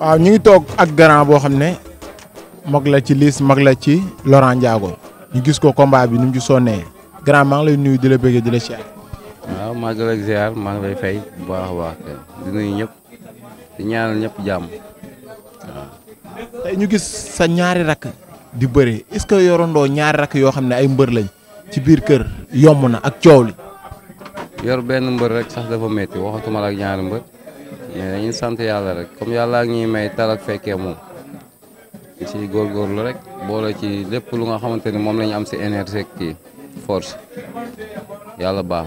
waaw ñu ngi toog ak grand boo xam ne mag la ci Liss mag la ci Laurent Ndiago ñu gis ko combat bi nu mu ci sonnee grand maa ngi lay nuyu di la bëggee di la siyaar. waaw maa ngi lay ziar maa ngi lay fay bu baax a baax nuyu ñëpp di ñaanal ñëpp jàmm waaw. tey ñu gis sa ñaari rakk di bëre est-ce que yorandoo ñaari rakk yoo xam ne ay mbër lañ ci biir kër yomb na ak coow li. yor benn mbër rek sax dafa metti waxatuma la ñaari mbër mais dañuy sant yàlla rek comme yàlla ak ñuy may tal ak fekkee moom ci góorgóorlu rek boole ci lépp lu nga xamante ni moom lañu am si énergie kii force yàlla baax.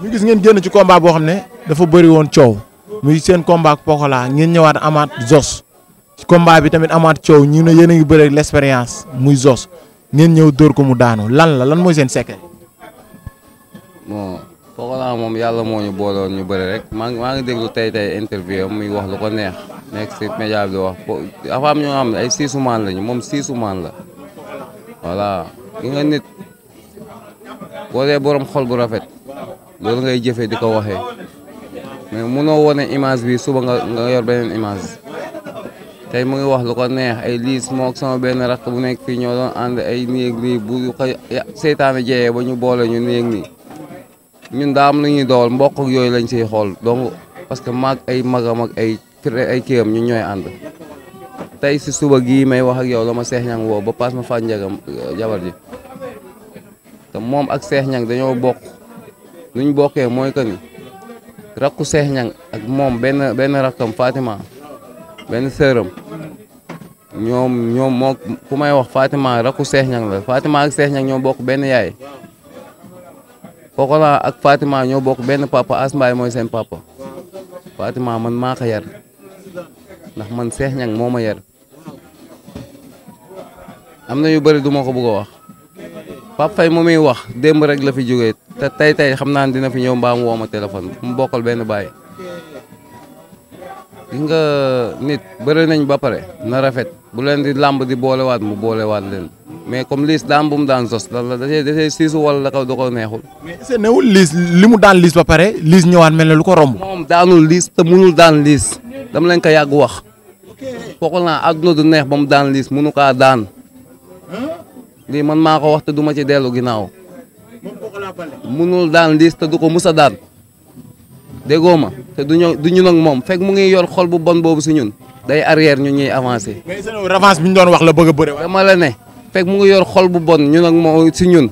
ñu gis ngeen génn ci combat boo xam ne dafa bëri woon coow muy seen combat ak Pokola ngeen ñëwaat amaat Zos. ci combat bi tamit amaat coow ñu ne yéen a ngi bëri ak muy Zos ngeen ñëw dóor ko mu daanu lan la lan mooy seen sekke bon Pokola moom yàlla moo ñu booloon ñu bëri rek maa ngi maa ngi déglu tey tey interview muy wax lu ko neex nekk média wax po dafa ñoo xam ne ay siisumaan lañu moom siisumaan la voilà. nga nit boo dee borom xol bu rafet loolu ngay jëfee di ko waxee mais munoo wone image bi suba nga nga yor beneen image tey mu ngi wax lu ko neex ay liis mook sama benn rakk bu nekk fii ñoo doon ànd ay néeg nii bu ko seytaane jeyee ba ñu boole ñu néeg nii ñun daa am nu ñuy dool mbokk yooyu lañ siy xool donc parce que maag ay magam ak ay ay kéem ñun ñooy ànd tey si suba gii may wax ak yow la ma seex ñang woo ba paas ma faa njagam jabar ji te moom ak Cheikh Niang dañoo bokk lu ñu mooy que ni rakku Cheikh ak moom benn benn rakkam Fatima benn sëram ñoom ñoom moo ku may wax Fatima rakku Cheikh Niang la Fatima ak Cheikh Niang ñoo bokk benn yaay Pokola ak Fatima ñoo bokk benn papa As Mbaye mooy seen papa Fatima man maa ko yar ndax man Cheikh Niang moo ma am na yu bëri duma ko wax. Pape Faye mu wax demb rek la fi joge te tay tay xamna dina fi ñew mu ma mu bokal ben bàyyi nga nit beure nañ ba pare na rafet bu len di lamb di wat mu wat len mais comme liis daan bu mu dan sos lan la da cee da cee wala da ko do ko neexul. mais c'est est newul limu dan mu ba pare lis ñewaan mel lu ko romb. mom danul te munul daan liis dam lañ ko yag wax foog na aduna du neex bam dan daan liis ka dan lii man maa ko wax te du ma ci dellu ginnaaw munul daan liis te du ko mus a daan déggoo ma te du ñu du ñun ak moom fekk mu ngi yor xol bu bon boobu si ñun day arrière ñu ñuy avancé. mais bi ñu doon wax la bëgg a bëre dama ne fekk mu ngi yor xol bu bon ñun ak moom si ñun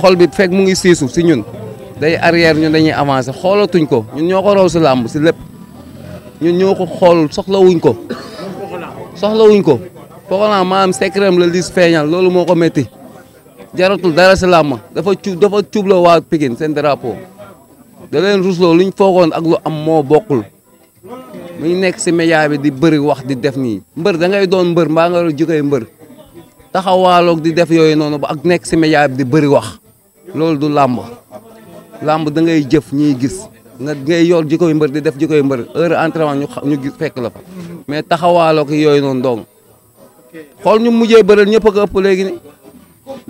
xol bi fekk mu ngi siisu si ñun day arrière ñun dañuy avancé xoolatuñ ko ñun ñoo ko raw si làmb si lépp ñun ñoo ko xool soxlawuñ ko soxlawuñ ko. Pogolan maam secret la lis feeñal loolu moko ko métti dara si làmma dafa cuub dafa cuubloo waa Pikine seen drapeau da leen rusloo luñ foogoon ak lu am mo bokul muy nek bi di beri wax di def ni mbër da ngay doon mbër mbaa nga di def yooyu noonu ba ak nek bi di bëri wax loolu du làmb làmb da ngay jëf ñuy gis nga ngay yor jikoy mbeur di def jikoy mbeur heure entraînement ñu ñu fekk la fa mais taxawaaloog yoy non dong xool ñu mujjee bëreel ñëpp a ko ëpp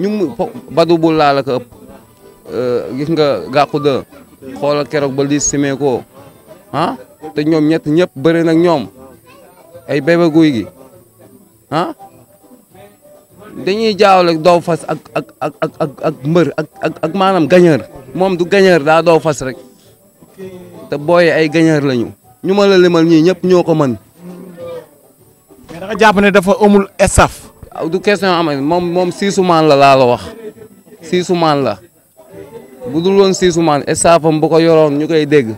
ni ñu badu bu laa la ëpp euh, gis nga gàqu de xoolal keroog ba lii simee ah te ñoom ñett ñëpp bëri nag ñoom ay bébé guy gi ah dañuy jaawle do fas ak ak ak ak ak ak maanaam gagneur moom du gagneur daa doow fas rek te booyee ay gagneur lañu ñu ma la limal ñii ñëpp ñoo ko mën mais da nga jàpp ne dafa amul staff. Ah, du question am moom moom siisumaan la laa la wax siisumaan la bu dul woon siisumaan staffam bu ko yoroon ñu koy dégg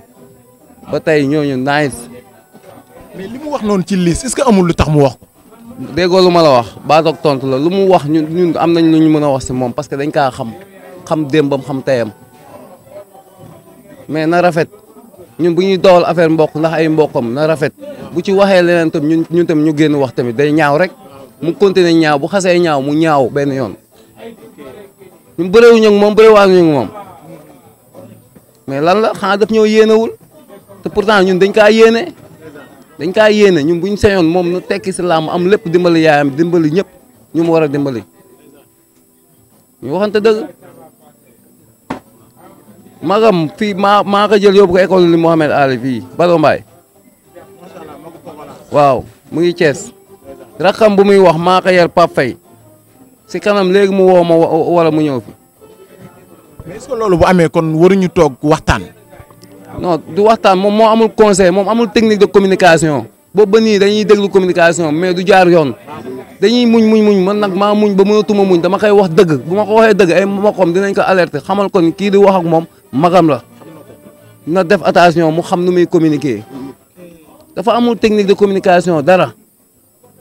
ba tey ñooñu nice. mais li mu wax noonu ci liis est que amul lu tax mu wax ko. déggoo ma la wax baat ak tontu la lu mu wax ñun ñun am nañ lu ñu mën a wax si moom parce que dañ kaa xam xam démbam xam teyam mais na rafet ñun bu ñuy doxal affaire mbokk ndax ay mbokkam na rafet bu ci waxee leneen tam ñun ñun tam ñu génn wax tamit day ñaaw rek mu continuer ñaaw bu xasee ñaaw mu ñaaw benn yoon ñun bëréewuñu ak moom bëréewaanuñu ak moom mais lan la xanaa daf ñoo yéenewul te pourtant ñun dañ kaa yéene dañ kaa yéene ñun buñ señoon moom nu tekki si làmb am lépp dimbali yaayam dimbali ñëpp ñu mu war a dimbali ñu waxante dëgg magam fii maa maa ko jël yóbbu ko école li Mouhamed Ali fii Bado Mbaye waaw mu ngi Thiès rakkam bu muy wax maa ko yar si kanam léegi mu woo ma wala mu ñëw fi. mais est-ce bu amee kon waruñu toog waxtaan. non du waxtaan moom moo amul conseil moom amul technique de communication boobu ba nii dañuy déglu communication mais du jaar yoon dañuy muñ muñ muñ man nag maa muñ ba mënatuma muñ dama koy wax dëgg bu ma ko waxee dëgg ay mboqam dinañ ko alerter xamal ko ni kii di wax ak moom. magam la na def attention mu xam nu muy communiquer dafa amul technique de communication dara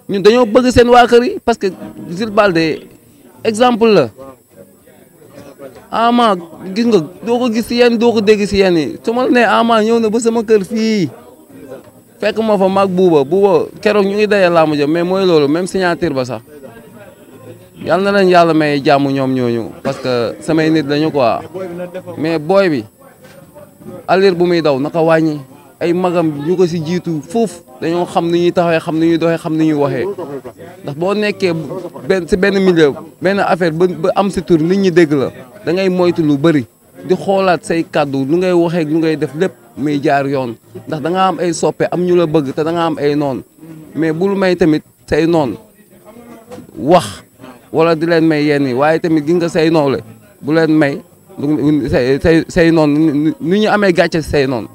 ñun dañoo bëgg seen waa kër yi parce que Jules Baldé exemple la Ama gis nga doo ko gis si yenn doo ko dégg si yenn yi su ma la nee Ama ñëw na ba sama kër fii fekk ma fa mag buuba buuba keroog ñu ngi daje a mu jëm mais mooy loolu même signature ba sax. yal na leen yàlla may jàmm ñoom ñooñu parce que samay nit lañu quoi mais booy bi allure bu muy daw naka wàññi ay magam ñu ko si jiitu foofu dañoo xam ni ñuy taxawee xam ni ñuy doxee xam nu ñuy waxee ndax boo nekkee benn si benn milieu benn affaire ba am si tur nit ñi dégg la da ngay moytu lu bëri di xoolaat say kàddu nu ngay waxee lu ngay def lépp muy jaar yoon ndax da am ay soppe am ñu la bëgg te da nga am ay noon mais bul may tamit say noon wax. wala di leen may yenn yi waaye tamit gi nga say noole bu leen may say say say noonu ni ñu amee gàcce say noonu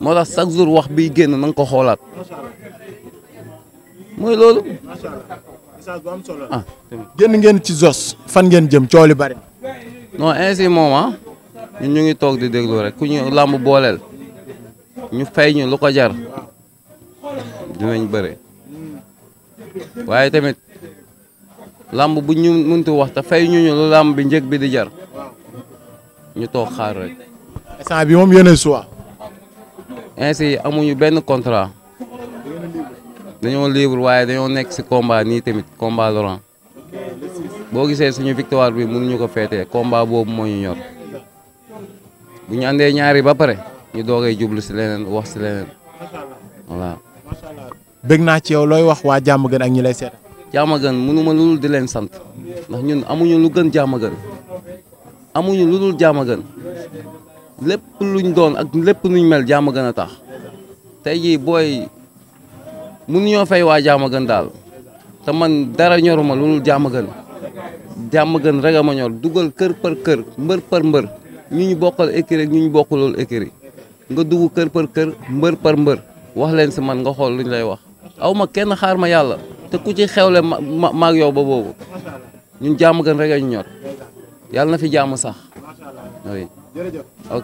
moo tax chaque jour wax biy génn na nga ko xoolaat mooy loolu. ah génn ngeen ci Zos fan ngeen jëm coow li bari. non ainsi moom ah. ñu ngi toog di déglu rek ku ñu làmb booleel ñu fay ñu lu ko jar dinañ bëre waaye tamit. làmb bu ñu mëntu wax te fay ñu ñu lu làmb bi njëg bi di jar ñu toog xaar rek. instant bi moom yéen suwa. ainsi amuñu benn contrat. dañoo libre waaye dañoo nekk si komba nii tamit combat Laurent boo gisee suñu victoire bi mënuñu ko feetee komba boobu moo ñu bu ñu ñaari ba pare ñu doogay jublu si leneen wax si leneen voilà. bëgg naa ci yow looy wax waa jàmm gën ak ñi lay jaama gën mënuma lu dul di leen sant ndax ñun amuñu lu gën jaama gën amuñu lu dul jaama gën lépp luñ doon ak lépp luñ mel jaama gën a tax tey jii booy mënuñoo fay waa jaama gën daal te man dara ñoruma lu dul jaama gën jaama gën rek a ma ñor dugal kër par kër mbër par mbër ñu ñu bokkal écurie ak ñu ñu bokkul loolu nga dugg kër par kër mbër par mbër wax leen si man nga xool luñ lay wax aw ma kenn xaar ma yàlla. te ku ci xewle ma maag yow ba boobu ñun jàmm gën rek ñu ñor yàlla na fi jàmm ok